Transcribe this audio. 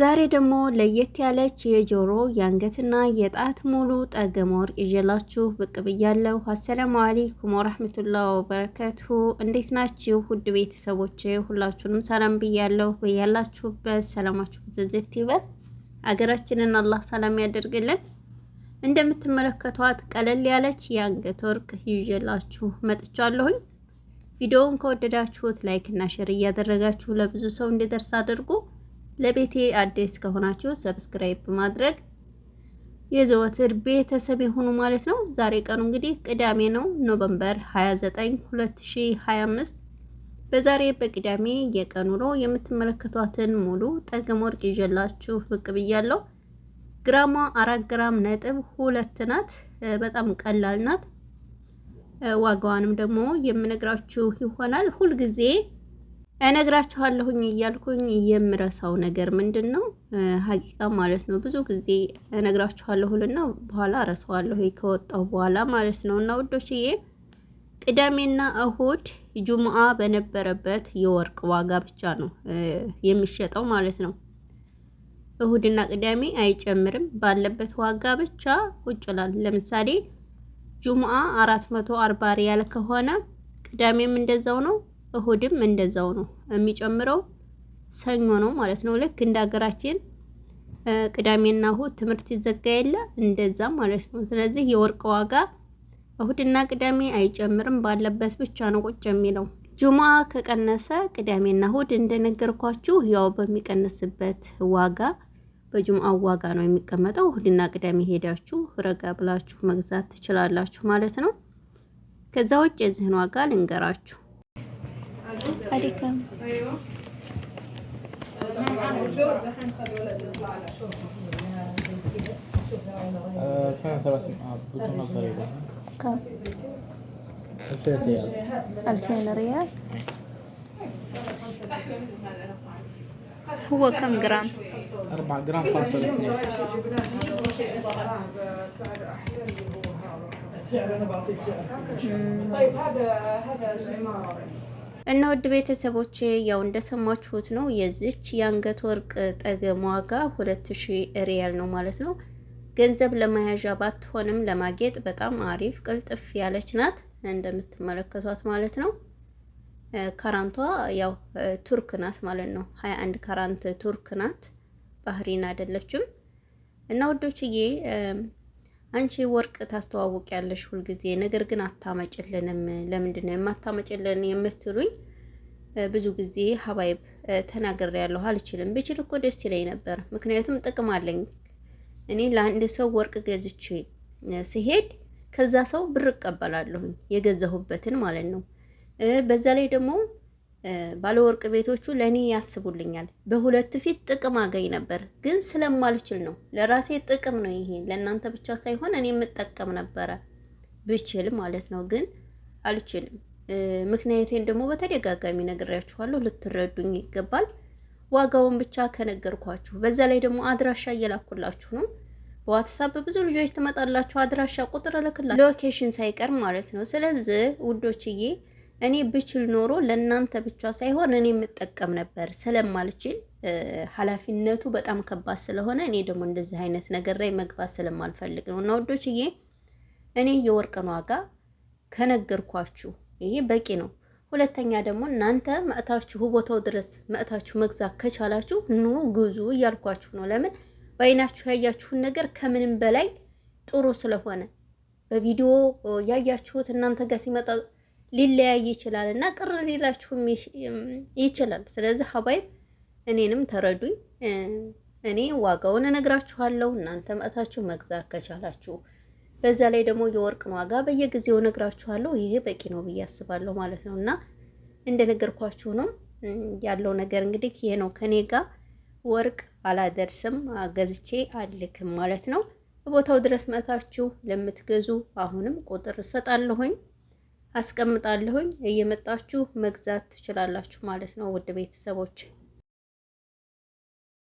ዛሬ ደግሞ ለየት ያለች የጆሮ የአንገትና የጣት ሙሉ ጠገም ወርቅ ይዤላችሁ ብቅ ብያለሁ። አሰላሙ አለይኩም ወራህመቱላሂ ወበረከቱ። እንዴት ናችሁ ውድ ቤተሰቦች ሁላችሁንም ሰላም ብያለሁ። በያላችሁበት ሰላማችሁ ዝዝት ይበል። አገራችንን አላህ ሰላም ያደርግልን። እንደምትመለከቷት ቀለል ያለች የአንገት ወርቅ ይዤላችሁ መጥቻለሁኝ። ቪዲዮውን ከወደዳችሁት ላይክ እና ሼር እያደረጋችሁ ለብዙ ሰው እንዲደርስ አድርጉ። ለቤቴ አዲስ ከሆናችሁ ሰብስክራይብ በማድረግ የዘወትር ቤተሰብ የሆኑ ማለት ነው። ዛሬ ቀኑ እንግዲህ ቅዳሜ ነው፣ ኖቨምበር 29 2025። በዛሬ በቅዳሜ የቀኑ ነው የምትመለከቷትን ሙሉ ጠገም ወርቅ ይዤላችሁ ብቅ ብያለሁ። ግራሟ አራት ግራም ነጥብ ሁለት ናት። በጣም ቀላል ናት። ዋጋዋንም ደግሞ የምነግራችሁ ይሆናል ሁልጊዜ እነግራችኋለሁኝ እያልኩኝ የምረሳው ነገር ምንድን ነው? ሀቂቃ ማለት ነው። ብዙ ጊዜ ልና በኋላ እረሳዋለሁ ከወጣሁ በኋላ ማለት ነው። እና ውዶችዬ ቅዳሜና እሁድ ጁምአ በነበረበት የወርቅ ዋጋ ብቻ ነው የሚሸጠው ማለት ነው። እሁድና ቅዳሜ አይጨምርም። ባለበት ዋጋ ብቻ ቁጭ ይላል። ለምሳሌ ጁምአ አራት መቶ አርባ ሪያል ከሆነ ቅዳሜም እንደዛው ነው እሁድም እንደዛው ነው የሚጨምረው ሰኞ ነው ማለት ነው። ልክ እንደ ሀገራችን ቅዳሜና እሁድ ትምህርት ይዘጋ የለ እንደዛ ማለት ነው። ስለዚህ የወርቅ ዋጋ እሁድና ቅዳሜ አይጨምርም፣ ባለበት ብቻ ነው ቁጭ የሚለው። ጁማ ከቀነሰ ቅዳሜና እሁድ እንደነገርኳችሁ ያው በሚቀንስበት ዋጋ በጁምአ ዋጋ ነው የሚቀመጠው። እሁድና ቅዳሜ ሄዳችሁ ረጋ ብላችሁ መግዛት ትችላላችሁ ማለት ነው። ከዛ ውጭ የዚህን ዋጋ ልንገራችሁ። عليكم ألفين ريال ريال هو كم جرام؟ أربعة جرام فاصل اثنين السعر أنا بعطيك سعر طيب هذا هذا እና ውድ ቤተሰቦቼ ያው እንደሰማችሁት ነው የዚች የአንገት ወርቅ ጠገም ዋጋ ሁለት ሺ ሪያል ነው ማለት ነው። ገንዘብ ለመያዣ ባትሆንም ለማጌጥ በጣም አሪፍ ቅልጥፍ ያለች ናት እንደምትመለከቷት ማለት ነው። ካራንቷ ያው ቱርክ ናት ማለት ነው። 21 ካራንት ቱርክ ናት፣ ባህሪን አይደለችም። እና ውዶችዬ አንቺ ወርቅ ያለሽ ሁልጊዜ፣ ነገር ግን አታመጭልንም። ለምንድን ነው የማታመጭልን የምትሉኝ? ብዙ ጊዜ ሀባይብ ያለሁ አልችልም። ብችል እኮ ደስ ይለኝ ነበር፣ ምክንያቱም ጥቅም አለኝ። እኔ ለአንድ ሰው ወርቅ ገዝቼ ስሄድ ከዛ ሰው ብር እቀበላለሁኝ የገዛሁበትን ማለት ነው። በዛ ላይ ደግሞ ባለወርቅ ቤቶቹ ለእኔ ያስቡልኛል። በሁለት ፊት ጥቅም አገኝ ነበር፣ ግን ስለማልችል ነው። ለራሴ ጥቅም ነው ይሄ፣ ለእናንተ ብቻ ሳይሆን እኔ የምጠቀም ነበረ ብችል ማለት ነው። ግን አልችልም። ምክንያቴን ደግሞ በተደጋጋሚ ነግሬያችኋለሁ፣ ልትረዱኝ ይገባል። ዋጋውን ብቻ ከነገርኳችሁ፣ በዛ ላይ ደግሞ አድራሻ እየላኩላችሁ ነው በዋትሳፕ ብዙ ልጆች ትመጣላችሁ። አድራሻ ቁጥር እልክላችሁ ሎኬሽን ሳይቀር ማለት ነው። ስለዚህ ውዶችዬ እኔ ብችል ኖሮ ለእናንተ ብቻ ሳይሆን እኔ የምጠቀም ነበር። ስለማልችል ኃላፊነቱ በጣም ከባድ ስለሆነ እኔ ደግሞ እንደዚህ አይነት ነገር ላይ መግባት ስለማልፈልግ ነው። እና ወዶችዬ እኔ የወርቅን ዋጋ ከነገርኳችሁ ይሄ በቂ ነው። ሁለተኛ ደግሞ እናንተ መእታችሁ ቦታው ድረስ መእታችሁ መግዛት ከቻላችሁ ኑ ግዙ እያልኳችሁ ነው። ለምን በአይናችሁ ያያችሁን ነገር ከምንም በላይ ጥሩ ስለሆነ በቪዲዮ ያያችሁት እናንተ ጋር ሲመጣ ሊለያይ ይችላል እና ቅር ሊላችሁም ይችላል። ስለዚህ ሀባይ እኔንም ተረዱኝ። እኔ ዋጋውን እነግራችኋለሁ። እናንተ መጥታችሁ መግዛት ከቻላችሁ በዛ ላይ ደግሞ የወርቅን ዋጋ በየጊዜው እነግራችኋለሁ። ይሄ በቂ ነው ብዬ አስባለሁ ማለት ነው እና እንደነገርኳችሁ ነው ያለው ነገር እንግዲህ ይሄ ነው። ከኔ ጋር ወርቅ አላደርስም ገዝቼ አልክም ማለት ነው። ቦታው ድረስ መታችሁ ለምትገዙ አሁንም ቁጥር እሰጣለሁኝ። አስቀምጣለሁኝ እየመጣችሁ መግዛት ትችላላችሁ ማለት ነው ውድ ቤተሰቦች።